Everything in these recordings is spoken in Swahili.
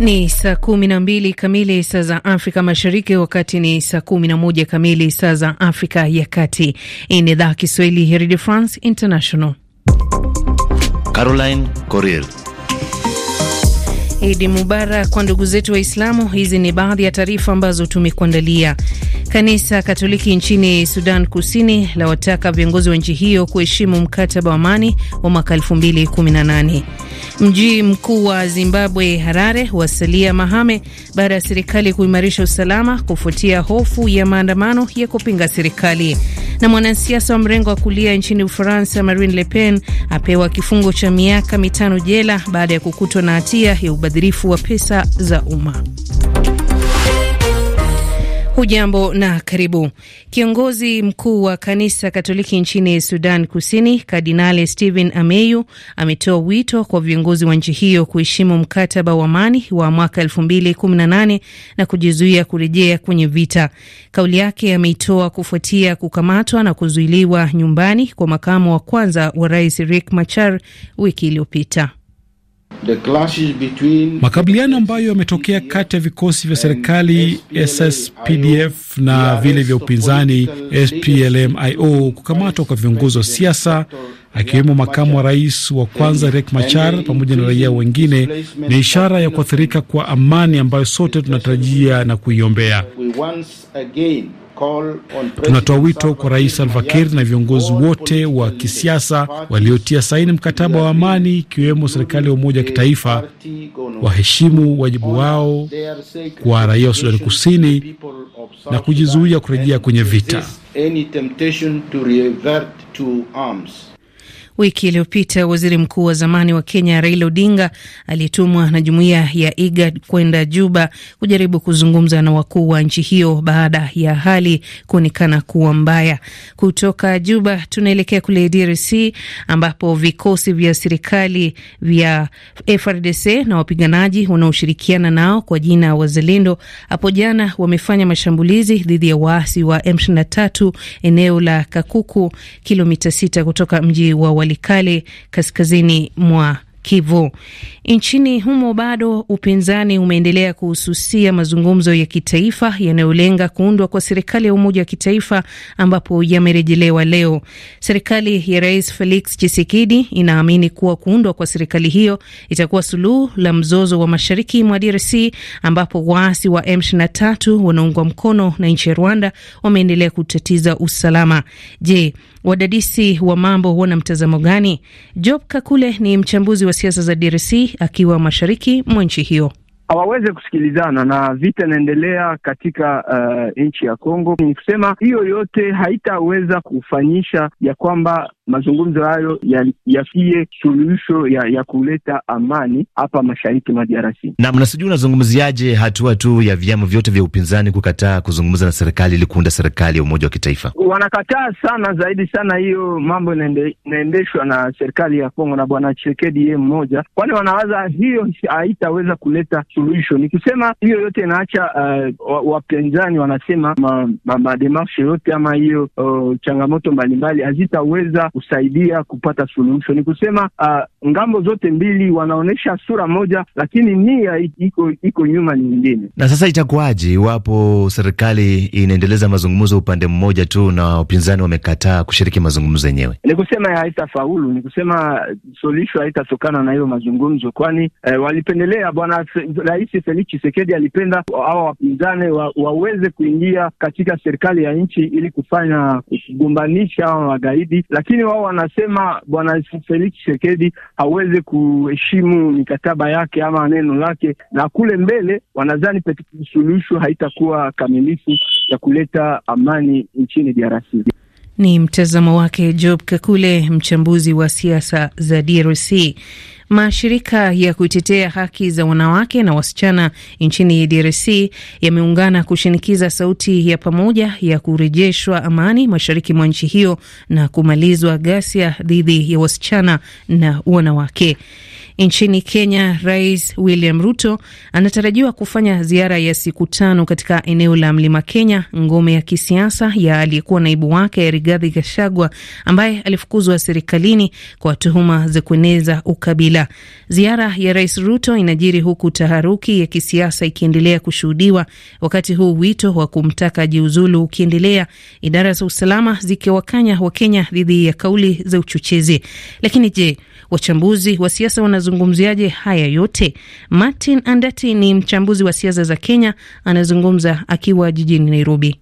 Ni saa kumi na mbili kamili saa za Afrika Mashariki, wakati ni saa kumi na moja kamili saa za Afrika ya Kati. Hii ni idhaa Kiswahili ya Redio France International. Caroline Coril. Idi Mubarak kwa ndugu zetu Waislamu. Hizi ni baadhi ya taarifa ambazo tumekuandalia. Kanisa Katoliki nchini Sudan Kusini lawataka viongozi wa nchi hiyo kuheshimu mkataba wa amani wa mwaka 2018. Mji mkuu wa Zimbabwe Harare wasalia mahame baada ya serikali kuimarisha usalama kufuatia hofu ya maandamano ya kupinga serikali. Na mwanasiasa wa mrengo wa kulia nchini Ufaransa Marine Le Pen apewa kifungo cha miaka mitano jela baada ya kukutwa na hatia ya ubadhirifu wa pesa za umma. Hujambo na karibu. Kiongozi mkuu wa kanisa Katoliki nchini Sudan Kusini, Kardinali Stephen Ameyu ametoa wito kwa viongozi wa nchi hiyo kuheshimu mkataba wa amani wa mwaka 2018 na kujizuia kurejea kwenye vita. Kauli yake ameitoa kufuatia kukamatwa na kuzuiliwa nyumbani kwa makamu wa kwanza wa rais Riek Machar wiki iliyopita makabiliano ambayo yametokea kati ya vikosi vya serikali SSPDF na vile vya upinzani splmio kukamatwa kwa viongozi wa siasa akiwemo makamu wa rais wa kwanza Riek Machar pamoja na raia wengine ni ishara ya kuathirika kwa amani ambayo sote tunatarajia na kuiombea. Tunatoa wito kwa Rais Salva Kiir na viongozi wote wa kisiasa waliotia saini mkataba wa amani, ikiwemo serikali ya umoja wa e kitaifa, waheshimu wajibu wao kwa raia wa Sudani Kusini na kujizuia kurejea kwenye vita. Wiki iliyopita waziri mkuu wa zamani wa Kenya Raila Odinga aliyetumwa na jumuiya ya IGAD kwenda Juba kujaribu kuzungumza na wakuu wa nchi hiyo baada ya hali kuonekana kuwa mbaya. Kutoka Juba tunaelekea kule DRC ambapo vikosi vya serikali vya FRDC na wapiganaji wanaoshirikiana nao kwa jina ya Wazalendo hapo jana wamefanya mashambulizi dhidi ya waasi wa M23 eneo la Kakuku, kilomita 6 kutoka mji wa Walikale kaskazini mwa Kivu. Nchini humo bado upinzani umeendelea kuhususia mazungumzo ya kitaifa yanayolenga kuundwa kwa serikali ya umoja wa kitaifa ambapo yamerejelewa leo. Serikali ya Rais Felix Tshisekedi inaamini kuwa kuundwa kwa serikali hiyo itakuwa suluhu la mzozo wa mashariki mwa DRC ambapo waasi wa M23 wanaungwa mkono na nchi ya Rwanda wameendelea kutatiza usalama. Je, Wadadisi wa mambo huona mtazamo gani? Job Kakule ni mchambuzi wa siasa za DRC akiwa mashariki mwa nchi hiyo. Hawaweze kusikilizana na vita inaendelea katika uh, nchi ya Kongo. Ni kusema hiyo yote haitaweza kufanyisha ya kwamba mazungumzo hayo ya suluhisho ya, ya kuleta amani hapa mashariki mwa DRC. Naam, na sijui unazungumziaje hatua tu ya vyama vyote vya upinzani kukataa kuzungumza na serikali ili kuunda serikali ya umoja wa kitaifa? Wanakataa sana zaidi sana, hiyo mambo inaendeshwa na serikali ya Kongo na bwana chekedi yeye mmoja, kwani wanawaza hiyo haitaweza kuleta suluhisho. Nikisema hiyo yote inaacha uh, wapinzani wanasema mademarshe ma, ma yote ama hiyo uh, changamoto mbalimbali hazitaweza kusaidia kupata suluhisho. Ni kusema uh, ngambo zote mbili wanaonyesha sura moja, lakini nia iko iko nyuma nyingine. Na sasa itakuwaje iwapo serikali inaendeleza mazungumzo upande mmoja tu na upinzani wamekataa kushiriki mazungumzo yenyewe? Ni kusema haitafaulu, ni kusema suluhisho haitatokana na hiyo mazungumzo, kwani eh, walipendelea bwana Rais Felix chisekedi alipenda hawa wapinzani wa, waweze kuingia katika serikali ya nchi ili kufanya kugombanisha hawa magaidi, lakini lakini wao wanasema bwana Felix chisekedi hawezi kuheshimu mikataba yake ama neno lake, na kule mbele wanadhani suluhisho haitakuwa kamilifu ya kuleta amani nchini DRC. Ni mtazamo wake Job Kakule, mchambuzi wa siasa za DRC. Mashirika ya kutetea haki za wanawake na wasichana nchini DRC yameungana kushinikiza sauti ya pamoja ya kurejeshwa amani mashariki mwa nchi hiyo na kumalizwa ghasia dhidi ya wasichana na wanawake. Nchini Kenya, Rais William Ruto anatarajiwa kufanya ziara ya siku tano katika eneo la Mlima Kenya, ngome ya kisiasa ya aliyekuwa naibu wake Rigathi Gachagua ambaye alifukuzwa serikalini kwa tuhuma za kueneza ukabila. Ziara ya Rais Ruto inajiri huku taharuki ya kisiasa ikiendelea kushuhudiwa, wakati huu wito wa kumtaka jiuzulu ukiendelea, idara za usalama zikiwakanya Wakenya dhidi ya kauli za uchochezi. Lakini je, Wachambuzi wa siasa wanazungumziaje haya yote? Martin Andati ni mchambuzi wa siasa za Kenya, anazungumza akiwa jijini Nairobi.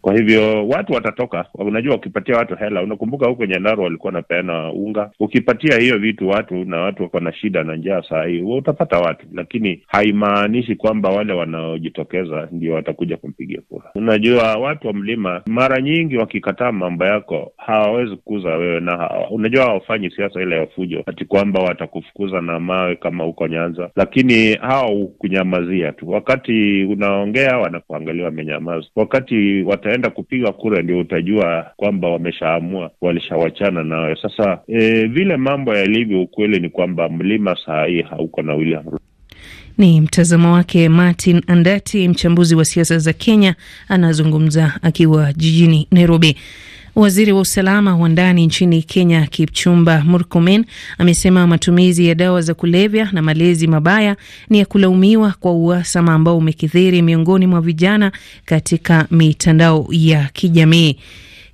Kwa hivyo watu watatoka, unajua, ukipatia watu hela, unakumbuka huko nyandaro walikuwa napeana unga. Ukipatia hiyo vitu watu na watu wako na shida na njaa saa hii, utapata watu, lakini haimaanishi kwamba wale wanaojitokeza ndio watakuja kumpigia kura. Unajua, watu wa mlima mara nyingi wakikataa mambo yako hawawezi kukuza wewe na hawa. Unajua, hawafanyi siasa ile ya fujo hati kwamba watakufukuza na mawe kama huko Nyanza, lakini hawa kunyamazia tu. Wakati unaongea wanakuangalia wamenyamaza, wakati wata utaenda kupiga kura ndio utajua kwamba wameshaamua, walishawachana nayo. Sasa e, vile mambo yalivyo, ukweli ni kwamba mlima saa hii hauko na William Ruto. Ni mtazamo wake Martin Andati, mchambuzi wa siasa za Kenya, anazungumza akiwa jijini Nairobi. Waziri wa usalama wa ndani nchini Kenya, Kipchumba Murkomen, amesema matumizi ya dawa za kulevya na malezi mabaya ni ya kulaumiwa kwa uhasama ambao umekithiri miongoni mwa vijana katika mitandao ya kijamii.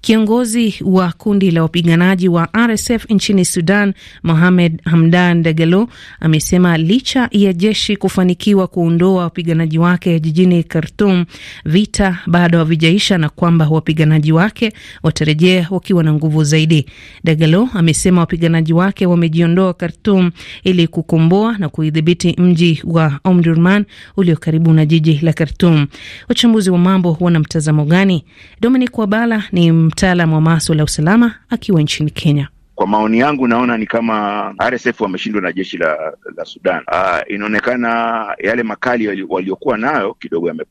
Kiongozi wa kundi la wapiganaji wa RSF nchini Sudan, Mohamed Hamdan Dagalo, amesema licha ya jeshi kufanikiwa kuondoa wapiganaji wake jijini Khartum, vita bado havijaisha na kwamba wapiganaji wake watarejea wakiwa na nguvu zaidi. Dagalo amesema wapiganaji wake wamejiondoa Khartum ili kukomboa na kuidhibiti mji wa Omdurman ulio karibu na jiji la Khartum. Wachambuzi wa mambo wana mtazamo gani? Dominic Wabala ni mtaalam wa maswala ya usalama akiwa nchini Kenya. Kwa maoni yangu, naona ni kama RSF wameshindwa na jeshi la, la Sudan. Ah, inaonekana yale makali waliokuwa nayo kidogo yame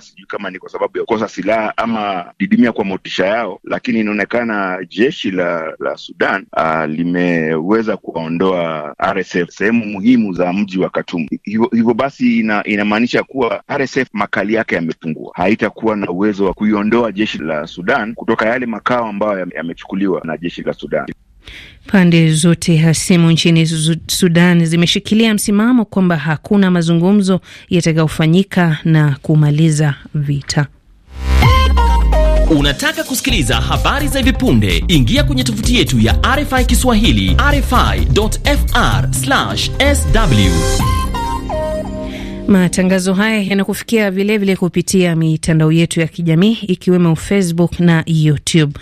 sijui kama ni kwa sababu ya kukosa silaha ama didimia kwa motisha yao, lakini inaonekana jeshi la la Sudan uh, limeweza kuwaondoa RSF sehemu muhimu za mji wa Khartoum. Hivyo basi ina, inamaanisha kuwa RSF makali yake yamepungua, haitakuwa na uwezo wa kuiondoa jeshi la Sudan kutoka yale makao ambayo yamechukuliwa na jeshi la Sudan. Pande zote hasimu nchini Sudan zimeshikilia msimamo kwamba hakuna mazungumzo yatakayofanyika na kumaliza vita. Unataka kusikiliza habari za hivi punde? Ingia kwenye tovuti yetu ya RFI Kiswahili, rfi.fr/sw. Matangazo haya yanakufikia vilevile kupitia mitandao yetu ya kijamii ikiwemo Facebook na YouTube.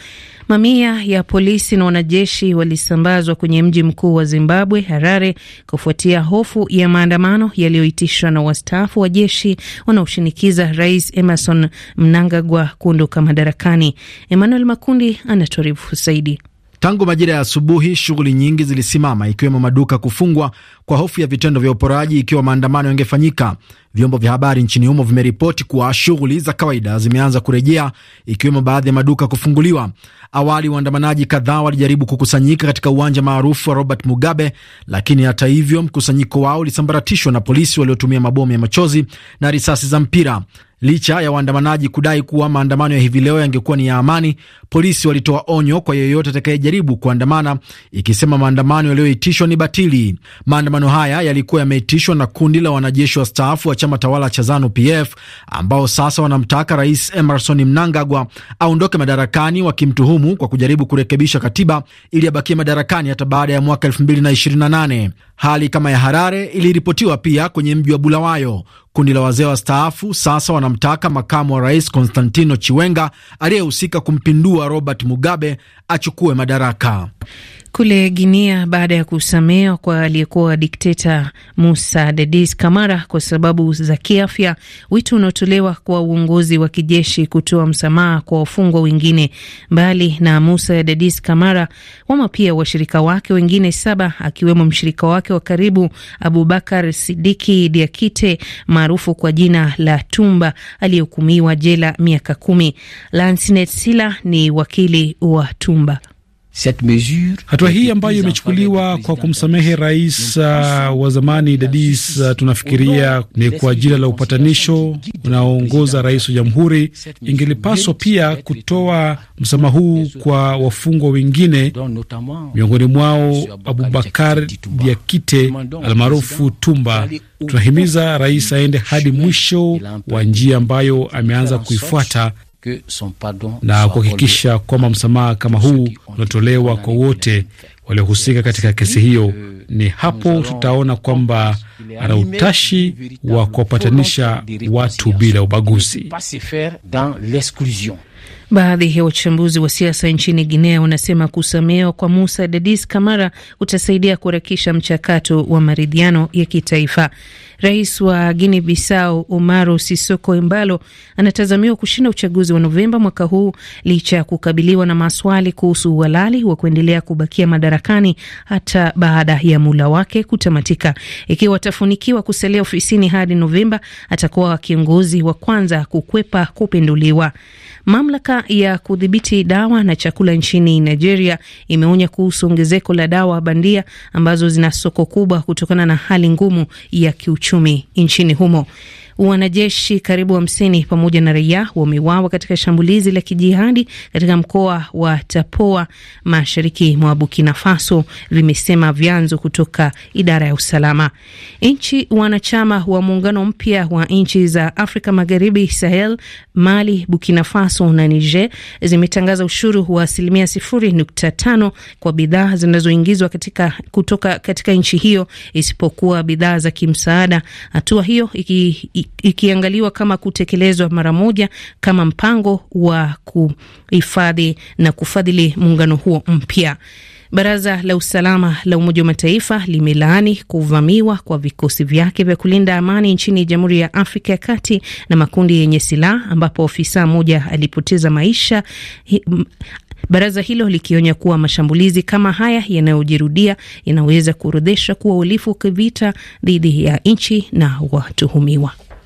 Mamia ya polisi na wanajeshi walisambazwa kwenye mji mkuu wa Zimbabwe, Harare, kufuatia hofu ya maandamano yaliyoitishwa na wastaafu wa jeshi wanaoshinikiza Rais Emerson Mnangagwa kuondoka madarakani. Emmanuel Makundi anatuarifu zaidi. Tangu majira ya asubuhi, shughuli nyingi zilisimama, ikiwemo maduka kufungwa kwa hofu ya vitendo vya uporaji ikiwa maandamano yangefanyika. Vyombo vya habari nchini humo vimeripoti kuwa shughuli za kawaida zimeanza kurejea, ikiwemo baadhi ya maduka kufunguliwa. Awali waandamanaji kadhaa walijaribu kukusanyika katika uwanja maarufu wa Robert Mugabe, lakini hata hivyo mkusanyiko wao ulisambaratishwa na polisi waliotumia mabomu ya machozi na risasi za mpira. Licha ya waandamanaji kudai kuwa maandamano ya hivi leo yangekuwa ni ya amani, polisi walitoa onyo kwa yeyote atakayejaribu kuandamana, ikisema maandamano yaliyoitishwa ni batili. Maandamano haya yalikuwa yameitishwa na kundi la wanajeshi wa staafu wa chama tawala cha Zanu-PF ambao sasa wanamtaka Rais Emerson Mnangagwa aondoke madarakani, wakimtuhumu kwa kujaribu kurekebisha katiba ili abakie madarakani hata baada ya mwaka 2028. Hali kama ya Harare iliripotiwa pia kwenye mji wa Bulawayo. Kundi la wazee wa staafu sasa wanamtaka makamu wa rais Konstantino Chiwenga aliyehusika kumpindua Robert Mugabe achukue madaraka. Kule Guinea baada ya kusamehewa kwa aliyekuwa dikteta Musa Dadis Kamara kwa sababu za kiafya, wito unaotolewa kwa uongozi wa kijeshi kutoa msamaha kwa wafungwa wengine mbali na Musa Dadis Kamara, wamo pia washirika wake wengine saba, akiwemo mshirika wake wa karibu Abubakar Sidiki Diakite maarufu kwa jina la Tumba aliyehukumiwa jela miaka kumi. Lansinet Sila ni wakili wa Tumba. Hatua hii ambayo imechukuliwa kwa kumsamehe rais uh, wa zamani Dadis uh, tunafikiria ni kwa ajili la upatanisho unaoongoza rais wa jamhuri. Ingelipaswa pia kutoa msamaha huu kwa wafungwa wengine, miongoni mwao Abubakar Diakite almaarufu Tumba. Tunahimiza rais aende hadi mwisho wa njia ambayo ameanza kuifuata na kuhakikisha kwamba msamaha kama huu unatolewa kwa wote waliohusika katika kesi hiyo. Ni hapo tutaona kwamba ana utashi wa kuwapatanisha watu bila ubaguzi. Baadhi ya wachambuzi wa siasa nchini Guinea wanasema kusamehewa kwa Musa Dadis Kamara utasaidia kuharakisha mchakato wa maridhiano ya kitaifa. Rais wa Guinea Bisau Umaro Sisoko Embalo anatazamiwa kushinda uchaguzi wa Novemba mwaka huu licha ya kukabiliwa na maswali kuhusu uhalali wa kuendelea kubakia madarakani hata baada ya mula wake kutamatika. Ikiwa atafunikiwa kusalia ofisini hadi Novemba, atakuwa kiongozi wa kwanza kukwepa kupinduliwa. Mamla Mamlaka ya kudhibiti dawa na chakula nchini Nigeria imeonya kuhusu ongezeko la dawa bandia ambazo zina soko kubwa kutokana na hali ngumu ya kiuchumi nchini humo. Wanajeshi karibu hamsini pamoja na raia wameuawa katika shambulizi la kijihadi katika mkoa wa Tapoa mashariki mwa Burkina Faso, vimesema vyanzo kutoka idara ya usalama. Nchi wanachama wa muungano mpya wa nchi za Afrika Magharibi, Sahel, Mali, Burkina Faso na Niger zimetangaza ushuru wa asilimia sifuri nukta tano kwa bidhaa zinazoingizwa katika, kutoka katika nchi hiyo isipokuwa bidhaa za kimsaada, hatua hiyo iki ikiangaliwa kama kutekelezwa mara moja kama mpango wa kuhifadhi na kufadhili muungano huo mpya. Baraza la usalama la Umoja wa Mataifa limelaani kuvamiwa kwa vikosi vyake vya kulinda amani nchini Jamhuri ya Afrika ya Kati na makundi yenye silaha ambapo ofisa mmoja alipoteza maisha, baraza hilo likionya kuwa mashambulizi kama haya yanayojirudia yanaweza kuorodheshwa kuwa uhalifu wa kivita dhidi ya nchi na watuhumiwa.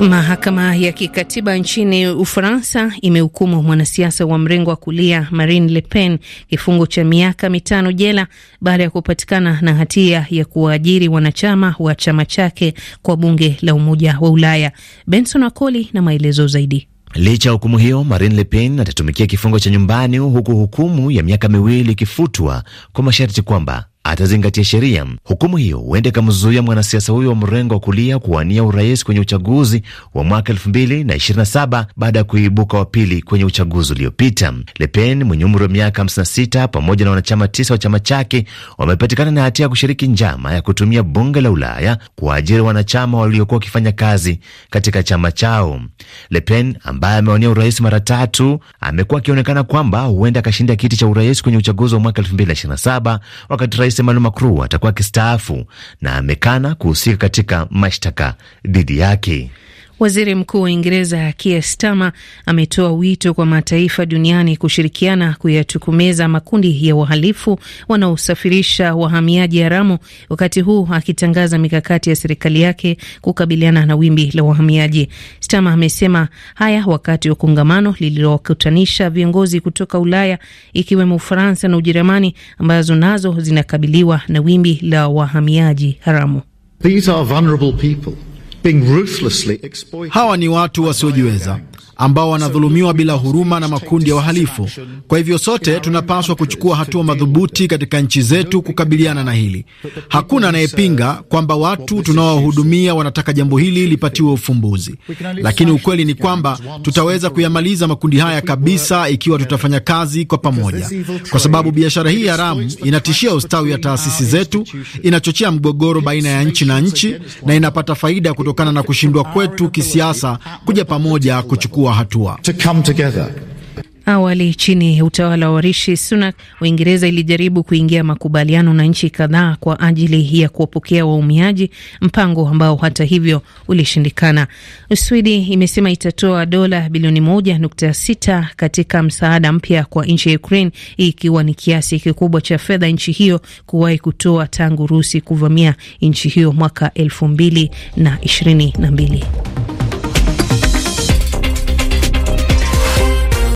Mahakama ya kikatiba nchini Ufaransa imehukumu mwanasiasa wa mrengo wa kulia Marine Le Pen kifungo cha miaka mitano jela baada ya kupatikana na hatia ya kuwaajiri wanachama wa chama chake kwa bunge la Umoja wa Ulaya. Benson Wakoli na maelezo zaidi. Licha ya hukumu hiyo, Marine Le Pen atatumikia kifungo cha nyumbani huku hukumu ya miaka miwili ikifutwa kwa masharti kwamba atazingatia sheria. Hukumu hiyo huenda ikamzuia mwanasiasa huyo wa mrengo wa kulia kuwania urais kwenye uchaguzi wa mwaka 2027 baada ya kuibuka wa pili kwenye uchaguzi uliopita. Le Pen mwenye umri wa miaka 56 pamoja na wanachama tisa wa chama chake wamepatikana na hatia ya kushiriki njama ya kutumia bunge la Ulaya kuwaajiri wanachama waliokuwa wakifanya kazi katika chama chao. Le Pen ambaye amewania urais mara tatu amekuwa akionekana kwamba huenda akashinda kiti cha urais kwenye uchaguzi wa mwaka 2027 wakati rais Emmanuel Macron atakuwa kistaafu na amekana kuhusika katika mashtaka dhidi yake. Waziri Mkuu wa Uingereza Keir Starmer ametoa wito kwa mataifa duniani kushirikiana kuyatukumeza makundi ya wahalifu wanaosafirisha wahamiaji haramu, wakati huu akitangaza mikakati ya serikali yake kukabiliana na wimbi la wahamiaji. Starmer amesema haya wakati wa kongamano lililokutanisha viongozi kutoka Ulaya ikiwemo Ufaransa na Ujerumani ambazo nazo zinakabiliwa na wimbi la wahamiaji haramu. These are vulnerable people. Hawa ni watu wasiojiweza ambao wanadhulumiwa bila huruma na makundi ya wahalifu. Kwa hivyo sote tunapaswa kuchukua hatua madhubuti katika nchi zetu kukabiliana na hili. Hakuna anayepinga kwamba watu tunaowahudumia wanataka jambo hili lipatiwe ufumbuzi, lakini ukweli ni kwamba tutaweza kuyamaliza makundi haya kabisa ikiwa tutafanya kazi kwa pamoja, kwa sababu biashara hii haramu inatishia ustawi wa taasisi zetu, inachochea mgogoro baina ya nchi na nchi, na inapata faida kutokana na kushindwa kwetu kisiasa kuja pamoja kuchukua kuchukua hatua. Awali chini ya utawala wa Rishi Sunak, Uingereza ilijaribu kuingia makubaliano na nchi kadhaa kwa ajili ya kuwapokea waumiaji, mpango ambao hata hivyo ulishindikana. Uswidi imesema itatoa dola bilioni moja nukta sita katika msaada mpya kwa nchi ya Ukraine, hii ikiwa ni kiasi kikubwa cha fedha nchi hiyo kuwahi kutoa tangu rusi kuvamia nchi hiyo mwaka elfu mbili na ishirini na mbili.